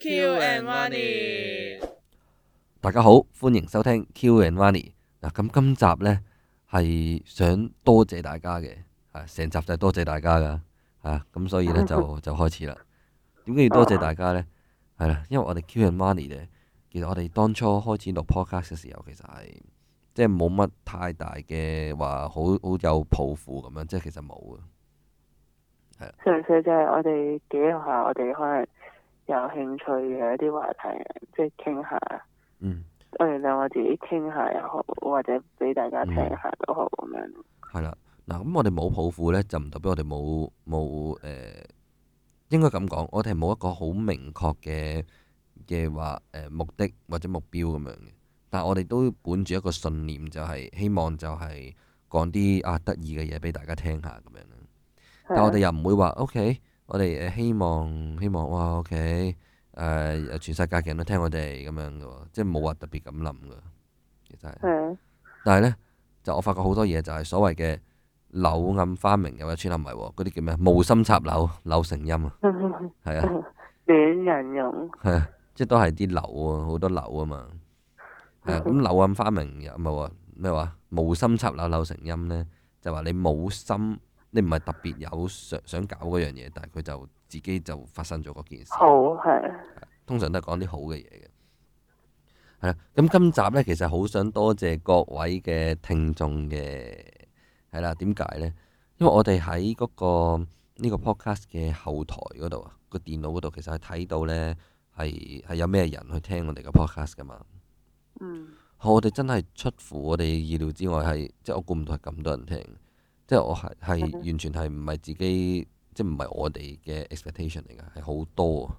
Q and Money，大家好，歡迎收聽 Q and Money。嗱，咁、啊、今集呢係想多謝大家嘅，成、啊、集就係多謝大家噶，咁、啊、所以呢，就就開始啦。點解要多謝大家呢？係啦、啊，因為我哋 Q and Money 呢，其實我哋當初開始錄 Podcast 嘅時候，其實係即係冇乜太大嘅話，好好有抱負咁樣，即係其實冇啊。上純粹就係我哋幾下，我哋開。有興趣嘅一啲話題，即係傾下。嗯。當然，我自己傾下又好，或者俾大家聽下都好咁樣。係啦、嗯，嗱，咁我哋冇抱負呢，就唔代表我哋冇冇誒，應該咁講，我哋冇一個好明確嘅嘅話誒目的或者目標咁樣，但係我哋都本住一個信念，就係、是、希望就係講啲啊得意嘅嘢俾大家聽下咁樣係。但我哋又唔會話，OK。我哋誒希望希望哇，OK，誒全世界嘅人都聽我哋咁樣嘅喎，即係冇話特別咁諗嘅，其實係。係。但係咧，就我發覺好多嘢就係所謂嘅柳暗花明又一村係唔係喎？嗰啲叫咩啊？無心插柳，柳成蔭啊。嗯嗯嗯。係啊。戀人用。係，即係都係啲柳喎，好多柳啊嘛。係啊。咁柳暗花明又唔係喎？咩話？無心插柳，柳成蔭咧，就話你冇心。你唔係特別有想想搞嗰樣嘢，但係佢就自己就發生咗嗰件事。好，係。通常都係講啲好嘅嘢嘅。係啦，咁今集呢，其實好想多謝各位嘅聽眾嘅。係啦，點解呢？因為我哋喺嗰個呢個 podcast 嘅後台嗰度啊，個電腦嗰度其實係睇到呢，係係有咩人去聽我哋嘅 podcast 噶嘛。嗯。我哋真係出乎我哋意料之外，係即係我估唔到係咁多人聽。即係我係係完全係唔係自己，即係唔係我哋嘅 expectation 嚟㗎，係好多啊！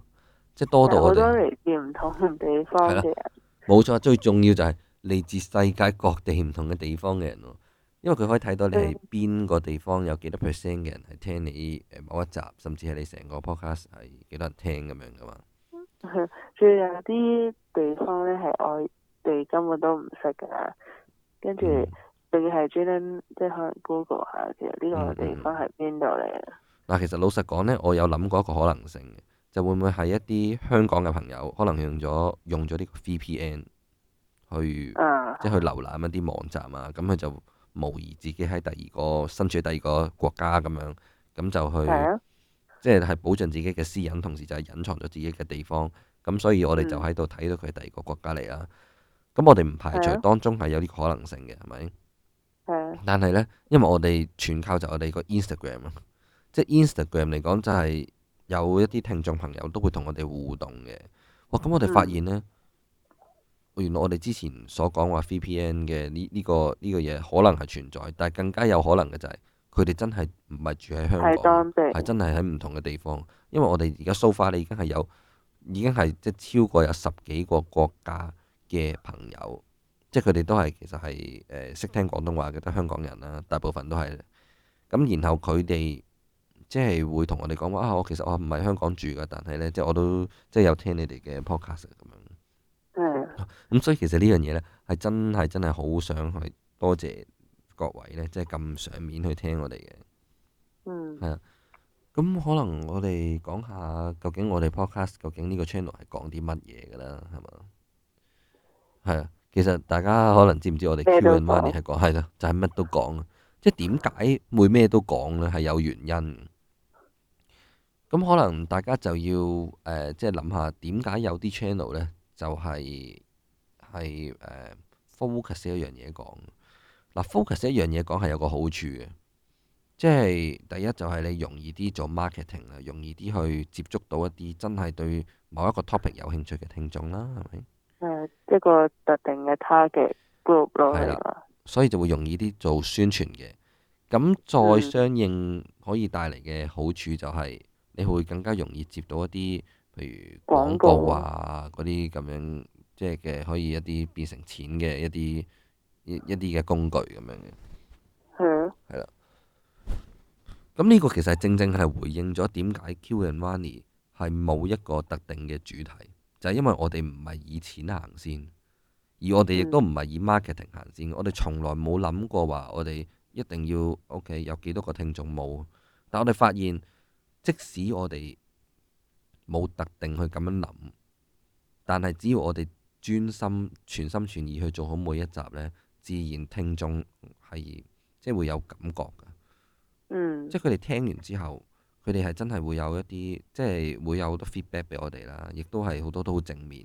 即係多到我哋好多嚟自唔同地方嘅人。係啊，冇錯，最重要就係嚟自世界各地唔同嘅地方嘅人咯。因為佢可以睇到你係邊個地方有幾多 percent 嘅人係聽你誒某一集，甚至係你成個 podcast 係幾多人聽咁樣㗎嘛。啊、嗯，仲有啲地方咧係外地根本都唔識㗎，跟住，定要係專門即係可能 Google 下，其實呢個地方係邊度嚟？嗱，其實老實講呢，我有諗過一個可能性嘅，就會唔會係一啲香港嘅朋友可能用咗用咗啲 VPN 去，啊、即係去瀏覽一啲網站啊。咁佢就模擬自己喺第二個身處第二個國家咁樣，咁就去即係係保障自己嘅私隱，同時就係隱藏咗自己嘅地方。咁所以，我哋就喺度睇到佢第二個國家嚟啊。咁我哋唔排除當中係有啲可能性嘅，係咪？但係呢，因為我哋全靠就我哋個 Instagram 啊，即係 Instagram 嚟講就係有一啲聽眾朋友都會同我哋互動嘅。哇、哦！咁我哋發現呢，嗯、原來我哋之前所講話 VPN 嘅呢，呢個呢、呢個嘢可能係存在，但係更加有可能嘅就係佢哋真係唔係住喺香港，係真係喺唔同嘅地方。因為我哋而家 so far 你已經係有，已經係即係超過有十幾個國家嘅朋友。即係佢哋都係其實係誒識聽廣東話嘅，都香港人啦，大部分都係。咁然後佢哋即係會同我哋講話啊，我其實我唔係香港住嘅，但係呢，即係我都即係有聽你哋嘅 podcast 咁樣。係、嗯。咁、啊嗯、所以其實呢樣嘢呢，係真係真係好想去。多謝各位呢，即係咁賞面去聽我哋嘅、嗯啊。嗯。啊。咁可能我哋講下究竟我哋 podcast 究竟呢個 channel 係講啲乜嘢嘅啦，係嘛？係、嗯、啊。其實大家可能知唔知我哋 Q and Money 係講係啦，就係、是、乜都講啊！即係點解會咩都講呢係有原因。咁可能大家就要、呃、即係諗下點解有啲 channel 呢，就係係 focus 一樣嘢講。嗱、啊、，focus 一樣嘢講係有個好處嘅，即係第一就係你容易啲做 marketing 啊，容易啲去接觸到一啲真係對某一個 topic 有興趣嘅聽眾啦，係咪？誒，一個特定嘅 target group 咯，係啦，所以就會容易啲做宣傳嘅。咁再相應可以帶嚟嘅好處就係，你會更加容易接到一啲，譬如廣告啊啲咁樣，即係嘅可以一啲變成錢嘅一啲一啲嘅工具咁樣嘅。係啊。係啦。咁呢個其實正正係回應咗點解 Q and Money 係冇一個特定嘅主題。就係因為我哋唔係以錢行先，而我哋亦都唔係以 marketing 行先。嗯、我哋從來冇諗過話我哋一定要 OK 有幾多個聽眾冇，但我哋發現即使我哋冇特定去咁樣諗，但係只要我哋專心全心全意去做好每一集咧，自然聽眾係即係會有感覺㗎。嗯，即係佢哋聽完之後。佢哋係真係會有一啲，即係會有好多 feedback 俾我哋啦，亦都係好多都好正面。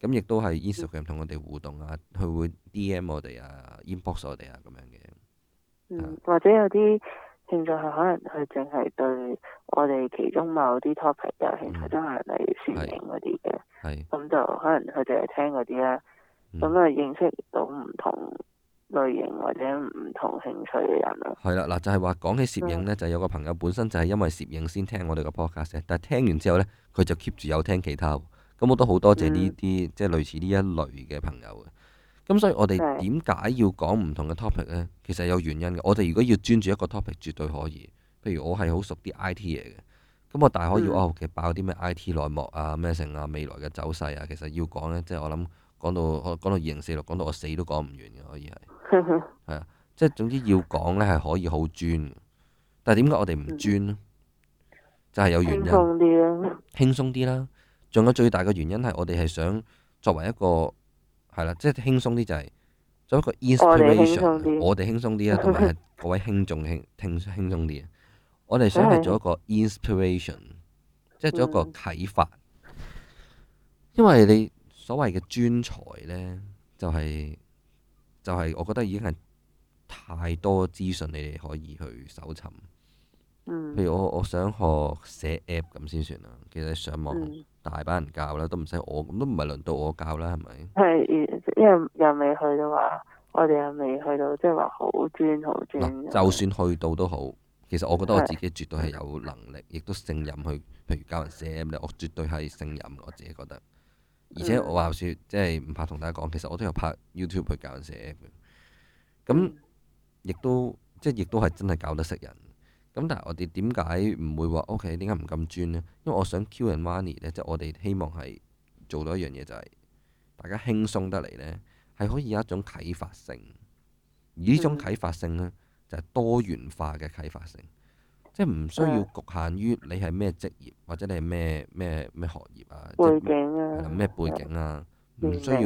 咁亦都係 Instagram 同我哋互動啊，佢會 DM 我哋啊，inbox 我哋啊咁樣嘅。嗯，或者有啲聽眾係可能佢淨係對我哋其中某啲 topic 有興趣都係嚟如書嗰啲嘅，咁就、嗯、可能佢淨係聽嗰啲啦，咁啊、嗯、認識到唔同類型或者唔同興趣嘅人啊，係啦，嗱就係、係、話講起攝影呢，的就有個朋友本身就係因為攝影先聽我哋個 podcast，但係聽完之後呢，佢就 keep 住有聽其他，咁我都好多謝呢啲、嗯、即係類似呢一類嘅朋友嘅。咁所以我哋點解要講唔同嘅 topic 呢？其實有原因嘅。我哋如果要專注一個 topic，絕對可以。譬如我係好熟啲 IT 嘢嘅，咁我大可以哦，其實、嗯、爆啲咩 IT 內幕啊、咩成啊、未來嘅走勢啊，其實要講呢，即係我諗講到我講到二零四六，講到我死都講唔完嘅，可以係。係啊，即係 總之要講咧係可以好專，但係點解我哋唔專咧？嗯、就係有原因。輕鬆啲啦。仲有最大嘅原因係我哋係想作為一個係啦，即係輕鬆啲就係、是、做一,一個 inspiration。我哋輕鬆啲。我哋啊，同埋各位聽眾輕輕輕鬆啲，我哋想係做一個 inspiration，即係做一個啟發。因為你所謂嘅專才呢，就係、是。就係我覺得已經係太多資訊你哋可以去搜尋，嗯、譬如我我想學寫 app 咁先算啦。其實上網大把人教啦、嗯，都唔使我，咁都唔係輪到我教啦，係咪？係，因為又未去到話，我哋又未去到，即係話好專好專。就算去到都好，其實我覺得我自己絕對係有能力，亦是都勝任去，譬如教人寫 app 咧，我絕對係勝任我自己覺得。而且我話説，即係唔怕同大家講，其實我都有拍 YouTube 去教人寫嘅。咁亦都即係亦都係真係教得識人。咁但係我哋點解唔會話 OK？點解唔咁專呢？因為我想 kill 人 money 咧，即係我哋希望係做到一樣嘢，就係、是、大家輕鬆得嚟呢，係可以有一種啟發性。而呢種啟發性呢，就係多元化嘅啟發性。即係唔需要局限於你係咩職業，或者你係咩咩咩學業啊，背景啊，咩背景啊，唔、啊、需要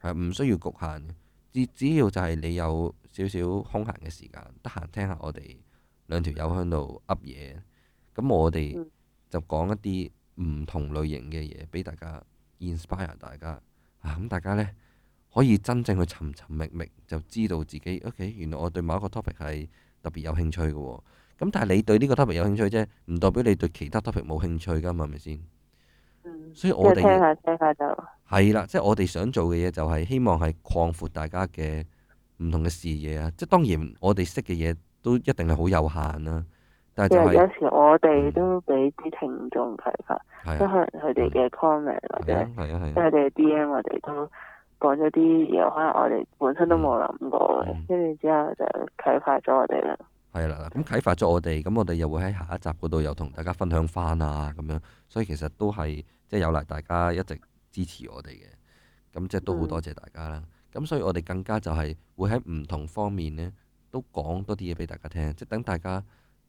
係唔、啊、需、需要局限，只只要就係你有少少空閒嘅時間，得閒聽下我哋兩條友喺度噏嘢，咁我哋就講一啲唔同類型嘅嘢俾大家 inspire 大家啊，咁大家呢，可以真正去尋尋覓覓，就知道自己 O、okay，K，原來我對某一個 topic 係特別有興趣嘅喎。咁但係你對呢個 topic 有興趣啫，唔代表你對其他 topic 冇興趣噶嘛，係咪先？嗯、所以我哋。即聽下，聽下就。係啦、就是，即係我哋想做嘅嘢就係希望係擴闊大家嘅唔同嘅視野啊！即係當然我哋識嘅嘢都一定係好有限啦，但係就係、是、有時我哋都俾啲聽眾啟發，即可能佢哋嘅 comment 或者即係佢哋 DM 我哋都講咗啲嘢，可能我哋本身都冇諗過，跟住之後就啟發咗我哋啦。係啦，咁啟發咗我哋，咁我哋又會喺下一集嗰度又同大家分享返啊，咁樣，所以其實都係即係有賴大家一直支持我哋嘅，咁即係都好多謝大家啦。咁、嗯、所以我哋更加就係會喺唔同方面呢都講多啲嘢俾大家聽，即、就、等、是、大家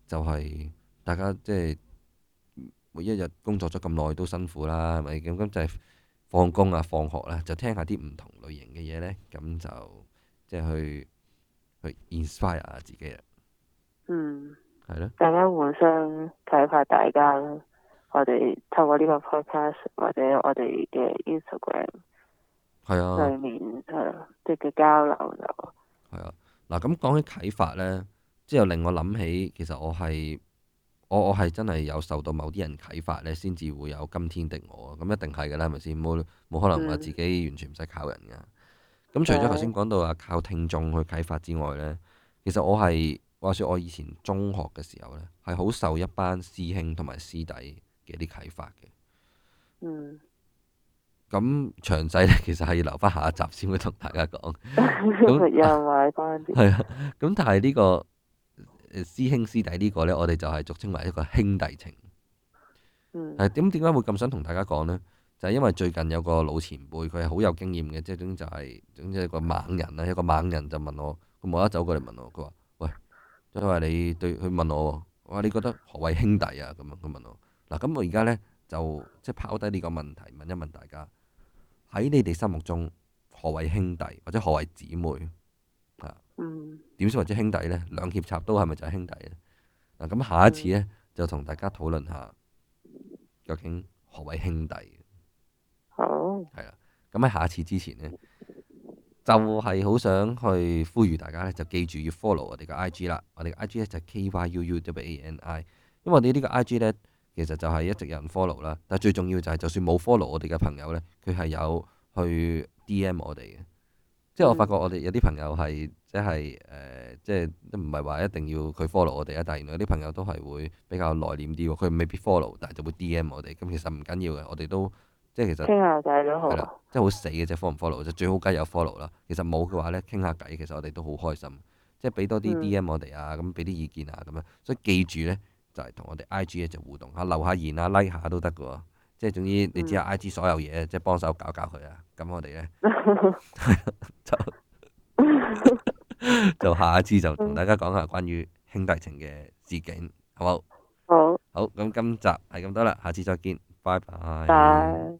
就係、是、大家即、就、係、是就是、每一日工作咗咁耐都辛苦啦，係咪？咁咁就係、是、放工啊、放學啦、啊，就聽一下啲唔同類型嘅嘢呢，咁就即係、就是、去，去 inspire 下自己啊。嗯，係咯呢，大家互相啟發大家咯。我哋透過呢個 Podcast 或者我哋嘅 Instagram，係啊，對面係咯，即係嘅交流就係啊。嗱，咁講起啟發呢，之後令我諗起，其實我係我我係真係有受到某啲人啟發呢，先至會有今天的我。咁一定係㗎啦，係咪先？冇冇可能話自己完全唔使靠人㗎？咁、嗯、除咗頭先講到話靠聽眾去啟發之外呢，啊、其實我係。話說我以前中學嘅時候呢，係好受一班師兄同埋師弟嘅啲啟發嘅。咁、嗯、詳細呢，其實係要留翻下，下一集先會同大家講。 那又啊，咁 但係呢、呢個師兄師弟呢個呢，我哋就係俗稱為一個兄弟情。嗯。係點？點解會咁想同大家講呢？就係、是、因為最近有個老前輩，佢係好有經驗嘅，即係總之就係總之一個猛人啦，一個猛人就問我，佢無啦走過嚟問我，佢話。即係話你對佢問我，我話，你覺得何謂兄弟啊？咁樣佢問我，嗱、啊、咁我而家呢，就即係拋低呢個問題，問一問大家，喺你哋心目中何謂兄弟，或者何謂姊妹啊？嗯，點先或者兄弟呢？兩脅插刀係咪就係兄弟呢？啊，嗱，咁下一次呢，嗯、就同大家討論下究竟何謂兄弟。好、啊，係啦、啊。咁喺下一次之前呢。就係好想去呼籲大家咧，就記住要 follow 我哋嘅 IG 啦，我哋嘅 IG 咧就係 K Y U U W A N I。因為我哋呢個 IG 咧，其實就係一直有人 follow 啦，但最重要就係就算冇 follow 我哋嘅朋友咧，佢係有去 DM 我哋嘅。即係我發覺我哋有啲朋友係即係誒，即係都唔係話一定要佢 follow 我哋啊，但係原來有啲朋友都係會比較內斂啲喎，佢未必 follow，但係就會 DM 我哋。咁其實唔緊要嘅，我哋都。即係其實傾下偈咯，好即係好死嘅啫，follow 唔 follow 就最好梗有 follow 啦。其實冇嘅話咧，傾下偈其實我哋都好開心。即係俾多啲 DM 我哋啊，咁俾啲意見啊，咁樣。所以記住咧，就係、是、同我哋 I G 一直互動下，留下言啊，like 下都得㗎喎。即係總之，你知啊，I G 所有嘢、嗯、即係幫手搞搞佢啊。咁我哋咧，就 就下一次就同大家講下關於兄弟情嘅事情，好唔好？好。好，咁今集係咁多啦，下次再見。拜拜。